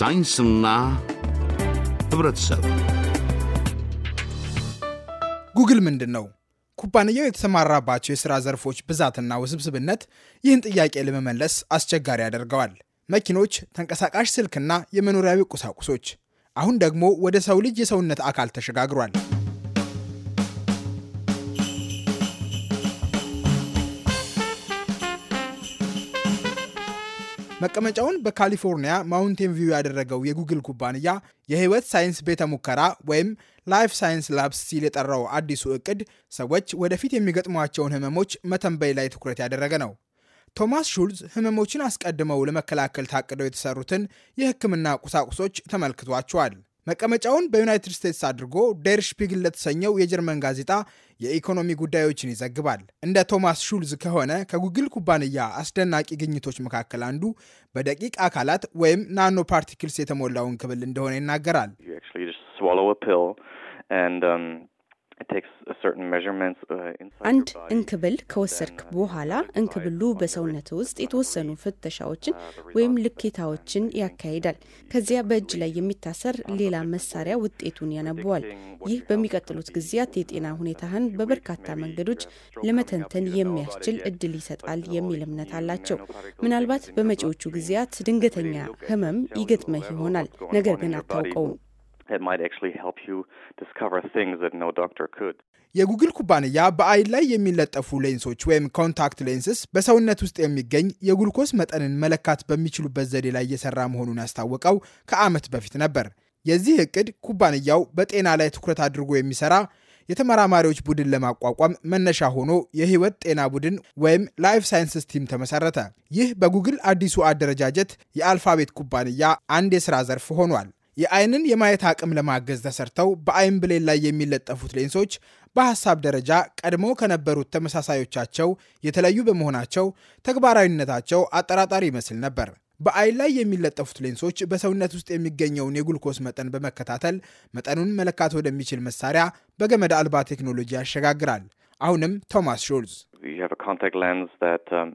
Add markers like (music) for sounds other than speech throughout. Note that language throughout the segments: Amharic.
ሳይንስና ህብረተሰብ። ጉግል ምንድን ነው? ኩባንያው የተሰማራባቸው የሥራ ዘርፎች ብዛትና ውስብስብነት ይህን ጥያቄ ለመመለስ አስቸጋሪ ያደርገዋል። መኪኖች፣ ተንቀሳቃሽ ስልክና የመኖሪያዊ ቁሳቁሶች፣ አሁን ደግሞ ወደ ሰው ልጅ የሰውነት አካል ተሸጋግሯል። መቀመጫውን በካሊፎርኒያ ማውንቴን ቪው ያደረገው የጉግል ኩባንያ የህይወት ሳይንስ ቤተ ሙከራ ወይም ላይፍ ሳይንስ ላብስ ሲል የጠራው አዲሱ እቅድ ሰዎች ወደፊት የሚገጥሟቸውን ህመሞች መተንበይ ላይ ትኩረት ያደረገ ነው። ቶማስ ሹልዝ ህመሞችን አስቀድመው ለመከላከል ታቅደው የተሰሩትን የህክምና ቁሳቁሶች ተመልክቷቸዋል። መቀመጫውን በዩናይትድ ስቴትስ አድርጎ ዴር ለተሰኘው የጀርመን ጋዜጣ የኢኮኖሚ ጉዳዮችን ይዘግባል። እንደ ቶማስ ሹልዝ ከሆነ ከጉግል ኩባንያ አስደናቂ ግኝቶች መካከል አንዱ በደቂቅ አካላት ወይም ናኖ ፓርቲክልስ የተሞላውን ክብል እንደሆነ ይናገራል። Uh, አንድ እንክብል ከወሰድክ uh, በኋላ እንክብሉ በሰውነት ውስጥ uh, የተወሰኑ ፍተሻዎችን ወይም ልኬታዎችን ያካሂዳል። ከዚያ በእጅ ላይ የሚታሰር ሌላ መሳሪያ ውጤቱን ያነበዋል። ይህ በሚቀጥሉት ጊዜያት የጤና ሁኔታህን በበርካታ መንገዶች ለመተንተን የሚያስችል እድል ይሰጣል የሚል እምነት አላቸው። ምናልባት በመጪዎቹ ጊዜያት ድንገተኛ ህመም ይገጥመህ ይሆናል፣ ነገር ግን አታውቀውም። የጉግል ኩባንያ በአይን ላይ የሚለጠፉ ሌንሶች ወይም ኮንታክት ሌንስስ በሰውነት ውስጥ የሚገኝ የጉልኮስ መጠንን መለካት በሚችሉበት ዘዴ ላይ እየሰራ መሆኑን ያስታወቀው ከዓመት በፊት ነበር። የዚህ እቅድ ኩባንያው በጤና ላይ ትኩረት አድርጎ የሚሰራ የተመራማሪዎች ቡድን ለማቋቋም መነሻ ሆኖ የህይወት ጤና ቡድን ወይም ላይፍ ሳይንስስ ቲም ተመሰረተ። ይህ በጉግል አዲሱ አደረጃጀት የአልፋቤት ኩባንያ አንድ የሥራ ዘርፍ ሆኗል። የአይንን የማየት አቅም ለማገዝ ተሰርተው በአይን ብሌን ላይ የሚለጠፉት ሌንሶች በሐሳብ ደረጃ ቀድሞ ከነበሩት ተመሳሳዮቻቸው የተለዩ በመሆናቸው ተግባራዊነታቸው አጠራጣሪ ይመስል ነበር። በአይን ላይ የሚለጠፉት ሌንሶች በሰውነት ውስጥ የሚገኘውን የጉልኮስ መጠን በመከታተል መጠኑን መለካት ወደሚችል መሳሪያ በገመድ አልባ ቴክኖሎጂ ያሸጋግራል። አሁንም ቶማስ ሾልዝ Um,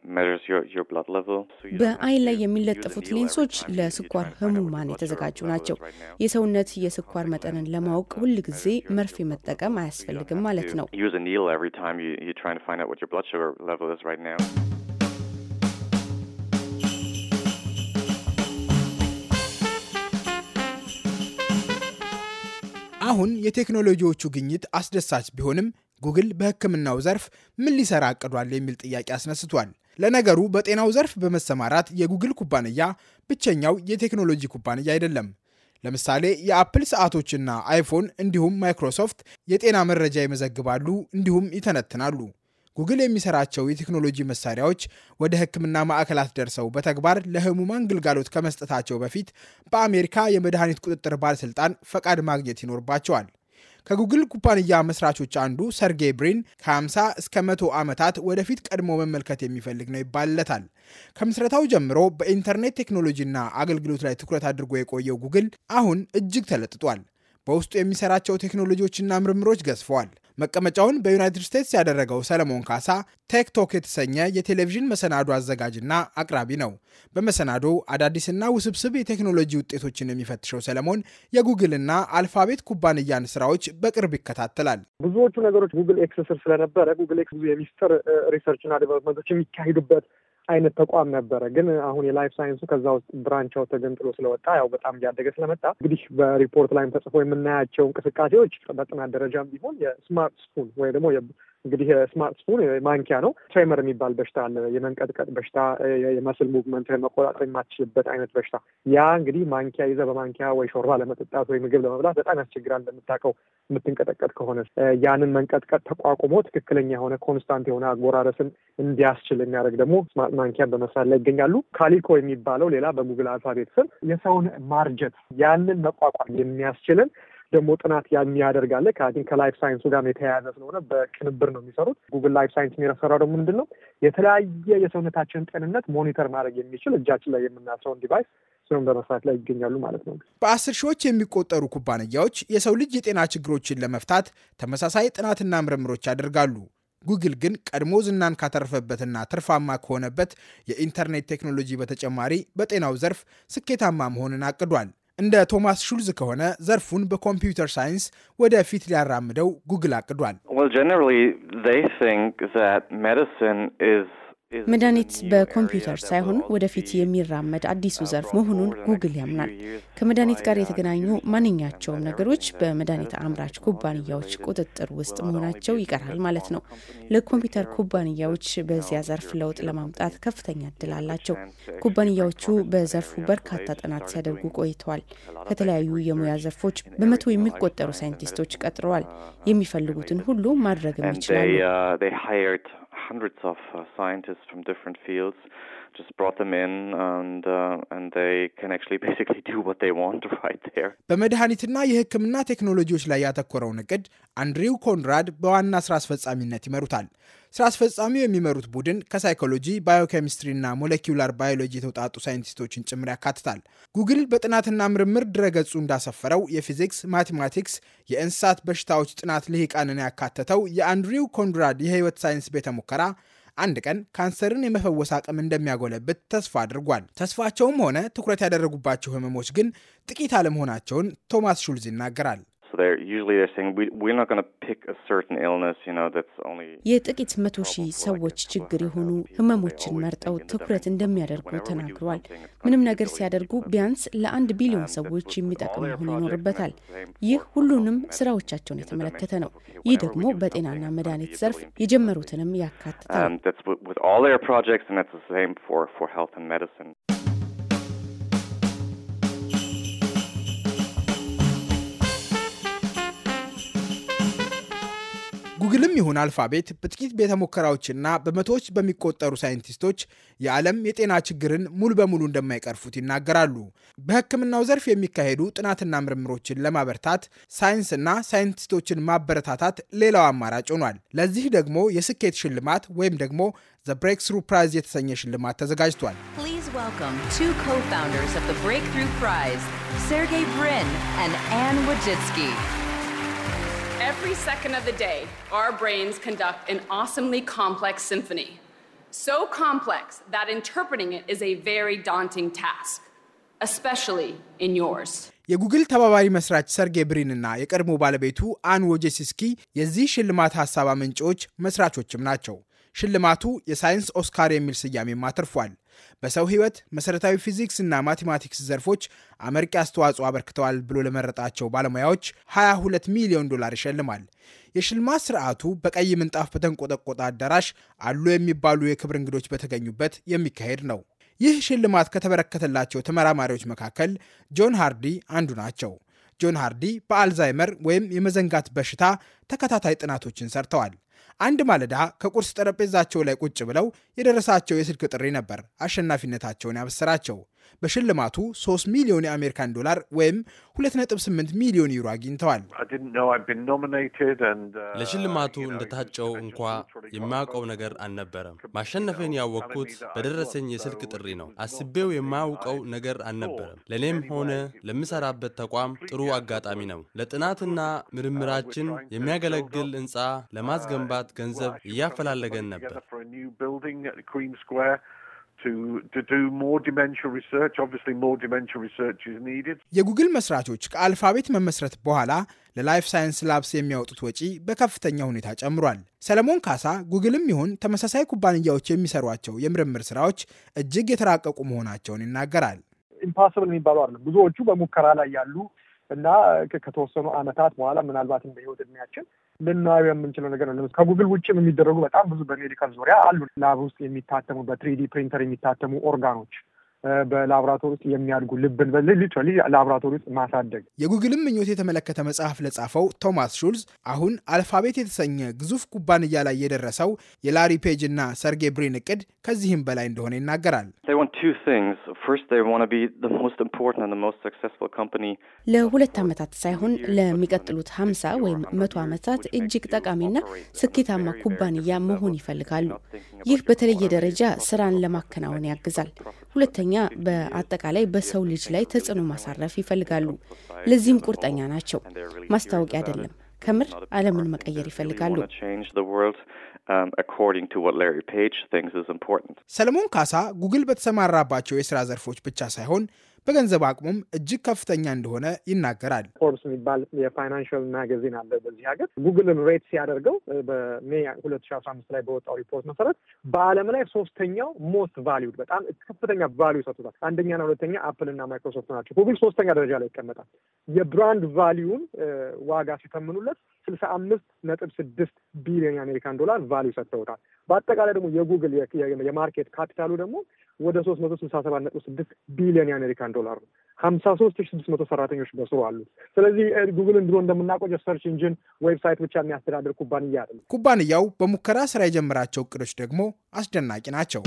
በአይን ላይ የሚለጠፉት ሌንሶች ለስኳር ህሙማን የተዘጋጁ ናቸው። የሰውነት የስኳር መጠንን ለማወቅ ሁል ጊዜ መርፌ መጠቀም አያስፈልግም ማለት ነው። አሁን የቴክኖሎጂዎቹ ግኝት አስደሳች ቢሆንም ጉግል በሕክምናው ዘርፍ ምን ሊሰራ አቅዷል የሚል ጥያቄ አስነስቷል። ለነገሩ በጤናው ዘርፍ በመሰማራት የጉግል ኩባንያ ብቸኛው የቴክኖሎጂ ኩባንያ አይደለም። ለምሳሌ የአፕል ሰዓቶችና አይፎን እንዲሁም ማይክሮሶፍት የጤና መረጃ ይመዘግባሉ፣ እንዲሁም ይተነትናሉ። ጉግል የሚሰራቸው የቴክኖሎጂ መሳሪያዎች ወደ ህክምና ማዕከላት ደርሰው በተግባር ለህሙማን ግልጋሎት ከመስጠታቸው በፊት በአሜሪካ የመድኃኒት ቁጥጥር ባለሥልጣን ፈቃድ ማግኘት ይኖርባቸዋል። ከጉግል ኩባንያ መስራቾች አንዱ ሰርጌይ ብሪን ከ50 እስከ 100 ዓመታት ወደፊት ቀድሞ መመልከት የሚፈልግ ነው ይባልለታል። ከምስረታው ጀምሮ በኢንተርኔት ቴክኖሎጂና አገልግሎት ላይ ትኩረት አድርጎ የቆየው ጉግል አሁን እጅግ ተለጥጧል። በውስጡ የሚሰራቸው ቴክኖሎጂዎችና ምርምሮች ገዝፈዋል። መቀመጫውን በዩናይትድ ስቴትስ ያደረገው ሰለሞን ካሳ ቴክቶክ የተሰኘ የቴሌቪዥን መሰናዶ አዘጋጅና አቅራቢ ነው። በመሰናዶው አዳዲስና ውስብስብ የቴክኖሎጂ ውጤቶችን የሚፈትሸው ሰለሞን የጉግልና አልፋቤት ኩባንያን ስራዎች በቅርብ ይከታተላል። ብዙዎቹ ነገሮች ጉግል ኤክስ ስር ስለነበረ ጉግል ኤክስ ብዙ የሚስጥር ሪሰርችና ዴቨሎፕመንቶች የሚካሄዱበት አይነት ተቋም ነበረ። ግን አሁን የላይፍ ሳይንሱ ከዛ ውስጥ ብራንቻው ተገንጥሎ ስለወጣ ያው በጣም እያደገ ስለመጣ እንግዲህ በሪፖርት ላይም ተጽፎ የምናያቸው እንቅስቃሴዎች በጥናት ደረጃም ቢሆን የስማርት ስፑን ወይ ደግሞ እንግዲህ ስማርትፎን ማንኪያ ነው። ትሬመር የሚባል በሽታ አለ። የመንቀጥቀጥ በሽታ፣ የመስል ሙቭመንት መቆጣጠር የማትችልበት አይነት በሽታ። ያ እንግዲህ ማንኪያ ይዘህ በማንኪያ ወይ ሾርባ ለመጠጣት ወይ ምግብ ለመብላት በጣም ያስቸግራል። እንደምታውቀው የምትንቀጠቀጥ ከሆነ ያንን መንቀጥቀጥ ተቋቁሞ ትክክለኛ የሆነ ኮንስታንት የሆነ አጎራረስን እንዲያስችል የሚያደርግ ደግሞ ስማርት ማንኪያ በመስራት ላይ ይገኛሉ። ካሊኮ የሚባለው ሌላ በጉግል አልፋቤት ስም የሰውን ማርጀት ያንን መቋቋም የሚያስችልን ደግሞ ጥናት የሚያደርግ አለ። ከላይፍ ሳይንሱ ጋር የተያያዘ ስለሆነ በቅንብር ነው የሚሰሩት። ጉግል ላይፍ ሳይንስ የሚረሰራው ደግሞ ምንድን ነው የተለያየ የሰውነታችን ጤንነት ሞኒተር ማድረግ የሚችል እጃችን ላይ የምናስረውን ዲቫይስ ስም በመስራት ላይ ይገኛሉ ማለት ነው። በአስር ሺዎች የሚቆጠሩ ኩባንያዎች የሰው ልጅ የጤና ችግሮችን ለመፍታት ተመሳሳይ ጥናትና ምርምሮች ያደርጋሉ። ጉግል ግን ቀድሞ ዝናን ካተረፈበትና ትርፋማ ከሆነበት የኢንተርኔት ቴክኖሎጂ በተጨማሪ በጤናው ዘርፍ ስኬታማ መሆንን አቅዷል። እንደ ቶማስ ሹልዝ ከሆነ ዘርፉን በኮምፒውተር ሳይንስ ወደፊት ሊያራምደው ጉግል አቅዷል። መድኃኒት በኮምፒውተር ሳይሆን ወደፊት የሚራመድ አዲሱ ዘርፍ መሆኑን ጉግል ያምናል። ከመድኃኒት ጋር የተገናኙ ማንኛቸውም ነገሮች በመድኃኒት አምራች ኩባንያዎች ቁጥጥር ውስጥ መሆናቸው ይቀራል ማለት ነው። ለኮምፒውተር ኩባንያዎች በዚያ ዘርፍ ለውጥ ለማምጣት ከፍተኛ እድል አላቸው። ኩባንያዎቹ በዘርፉ በርካታ ጥናት ሲያደርጉ ቆይተዋል። ከተለያዩ የሙያ ዘርፎች በመቶ የሚቆጠሩ ሳይንቲስቶች ቀጥረዋል። የሚፈልጉትን ሁሉ ማድረግም ይችላሉ። hundreds of uh, scientists from different fields just brought them in and uh, and they can actually (laughs) basically do what they want (laughs) right there. በመድኃኒትና የሕክምና ቴክኖሎጂዎች ላይ ያተኮረውን እቅድ አንድሪው ኮንራድ በዋና ስራ አስፈጻሚነት ይመሩታል። ስራ አስፈጻሚው የሚመሩት ቡድን ከሳይኮሎጂ፣ እና ሞለኪውላር ባዮሎጂ የተውጣጡ ሳይንቲስቶችን ጭምር ያካትታል። ጉግል በጥናትና ምርምር ድረገጹ እንዳሰፈረው የፊዚክስ፣ ማቴማቲክስ፣ የእንስሳት በሽታዎች ጥናት ልሂቃንን ያካተተው የአንድሪው ኮንራድ የህይወት ሳይንስ ቤተ ሙከራ አንድ ቀን ካንሰርን የመፈወስ አቅም እንደሚያጎለብት ተስፋ አድርጓል። ተስፋቸውም ሆነ ትኩረት ያደረጉባቸው ህመሞች ግን ጥቂት አለመሆናቸውን ቶማስ ሹልዝ ይናገራል። there. usually they're saying we we're not going to pick a certain illness, you know, that's only የጥቂት መቶ ሺህ ሰዎች ችግር የሆኑ ህመሞችን መርጠው ትኩረት እንደሚያደርጉ ተናግሯል። ምንም ነገር ሲያደርጉ ቢያንስ ለአንድ um, ቢሊዮን ሰዎች የሚጠቅም መሆን ይኖርበታል። ይህ ሁሉንም ስራዎቻቸውን የተመለከተ ነው። ይህ ደግሞ በጤናና መድኃኒት ዘርፍ የጀመሩትንም ያካትታል። um, ጉግልም ይሁን አልፋቤት በጥቂት ቤተ ሙከራዎችና በመቶዎች በሚቆጠሩ ሳይንቲስቶች የዓለም የጤና ችግርን ሙሉ በሙሉ እንደማይቀርፉት ይናገራሉ። በሕክምናው ዘርፍ የሚካሄዱ ጥናትና ምርምሮችን ለማበርታት ሳይንስና ሳይንቲስቶችን ማበረታታት ሌላው አማራጭ ሆኗል። ለዚህ ደግሞ የስኬት ሽልማት ወይም ደግሞ ዘ ብሬክስሩ ፕራይዝ የተሰኘ ሽልማት ተዘጋጅቷል። ሴርጌይ ብሪን አንድ አን Every second of the day, our brains conduct an awesomely complex symphony. So complex that interpreting it is a very daunting task, especially in yours. የጉግል ተባባሪ መስራች ሰርጌ ብሪን እና የቀድሞ ባለቤቱ አን ወጀሲስኪ የዚህ ሽልማት ሀሳብ አመንጪዎች መስራቾችም ናቸው። ሽልማቱ የሳይንስ ኦስካር የሚል ስያሜም አትርፏል። በሰው ሕይወት መሰረታዊ ፊዚክስ እና ማቴማቲክስ ዘርፎች አመርቂ አስተዋጽኦ አበርክተዋል ብሎ ለመረጣቸው ባለሙያዎች 22 ሚሊዮን ዶላር ይሸልማል። የሽልማት ስርዓቱ በቀይ ምንጣፍ በተንቆጠቆጠ አዳራሽ አሉ የሚባሉ የክብር እንግዶች በተገኙበት የሚካሄድ ነው። ይህ ሽልማት ከተበረከተላቸው ተመራማሪዎች መካከል ጆን ሃርዲ አንዱ ናቸው። ጆን ሃርዲ በአልዛይመር ወይም የመዘንጋት በሽታ ተከታታይ ጥናቶችን ሰርተዋል። አንድ ማለዳ ከቁርስ ጠረጴዛቸው ላይ ቁጭ ብለው የደረሳቸው የስልክ ጥሪ ነበር አሸናፊነታቸውን ያበሰራቸው። በሽልማቱ 3 ሚሊዮን የአሜሪካን ዶላር ወይም 2.8 ሚሊዮን ዩሮ አግኝተዋል። uh, ለሽልማቱ እንደታጨው እንኳ የማያውቀው ነገር አልነበረም። ማሸነፍን ያወቅኩት በደረሰኝ የስልክ ጥሪ ነው። አስቤው የማያውቀው ነገር አልነበረም። ለእኔም ሆነ ለምሰራበት ተቋም ጥሩ አጋጣሚ ነው። ለጥናትና uh, ምርምራችን የሚያገለግል ህንፃ uh, ለማስገንባት ገንዘብ እያፈላለገን ነበር። የጉግል መስራቾች ከአልፋቤት መመስረት በኋላ ለላይፍ ሳይንስ ላብስ የሚያወጡት ወጪ በከፍተኛ ሁኔታ ጨምሯል። ሰለሞን ካሳ ጉግልም ይሁን ተመሳሳይ ኩባንያዎች የሚሰሯቸው የምርምር ስራዎች እጅግ የተራቀቁ መሆናቸውን ይናገራል። ኢምፓስብል የሚባሉ አይደለም። ብዙዎቹ በሙከራ ላይ ያሉ እና ከተወሰኑ አመታት በኋላ ምናልባትም በህይወት እድሜያችን ልናየው የምንችለው ነገር ነው። ከጉግል ውጭም የሚደረጉ በጣም ብዙ በሜዲካል ዙሪያ አሉ። ላብ ውስጥ የሚታተሙ በትሪዲ ፕሪንተር የሚታተሙ ኦርጋኖች በላቦራቶሪ ውስጥ የሚያድጉ ልብን ሊትራሊ ላቦራቶሪ ውስጥ ማሳደግ የጉግልም ምኞት የተመለከተ መጽሐፍ ለጻፈው ቶማስ ሹልዝ አሁን አልፋቤት የተሰኘ ግዙፍ ኩባንያ ላይ የደረሰው የላሪ ፔጅ እና ሰርጌ ብሪን እቅድ ከዚህም በላይ እንደሆነ ይናገራል። ለሁለት ዓመታት ሳይሆን ለሚቀጥሉት ሀምሳ ወይም መቶ ዓመታት እጅግ ጠቃሚና ስኬታማ ኩባንያ መሆን ይፈልጋሉ። ይህ በተለየ ደረጃ ስራን ለማከናወን ያግዛል። ሁለተኛ ሁለተኛ በአጠቃላይ በሰው ልጅ ላይ ተጽዕኖ ማሳረፍ ይፈልጋሉ። ለዚህም ቁርጠኛ ናቸው። ማስታወቂያ አይደለም፣ ከምር ዓለምን መቀየር ይፈልጋሉ። ሰለሞን ካሳ ጉግል በተሰማራባቸው የስራ ዘርፎች ብቻ ሳይሆን በገንዘብ አቅሙም እጅግ ከፍተኛ እንደሆነ ይናገራል። ፎርብስ የሚባል የፋይናንሽል ማጋዚን አለ በዚህ ሀገር። ጉግልን ሬት ሲያደርገው በሜ ሁለት ሺ አስራ አምስት ላይ በወጣው ሪፖርት መሰረት በዓለም ላይ ሶስተኛው ሞስት ቫሊዩድ በጣም ከፍተኛ ቫሊዩ ይሰጡታል። አንደኛና ሁለተኛ አፕል እና ማይክሮሶፍት ናቸው። ጉግል ሶስተኛ ደረጃ ላይ ይቀመጣል። የብራንድ ቫሊዩን ዋጋ ሲተምኑለት ስልሳ አምስት ነጥብ ስድስት ቢሊዮን የአሜሪካን ዶላር ቫሊዩ ሰጥተውታል። በአጠቃላይ ደግሞ የጉግል የማርኬት ካፒታሉ ደግሞ ወደ ሶስት መቶ ስልሳ ሰባት ነጥብ ስድስት ቢሊዮን የአሜሪካን ዶላር ነው። ሀምሳ ሶስት ሺ ስድስት መቶ ሰራተኞች በስሩ አሉት። ስለዚህ ጉግልን ድሮ እንደምናውቀው የሰርች ኢንጂን ዌብሳይት ብቻ የሚያስተዳድር ኩባንያ አይደለም። ኩባንያው በሙከራ ስራ የጀመራቸው እቅዶች ደግሞ አስደናቂ ናቸው።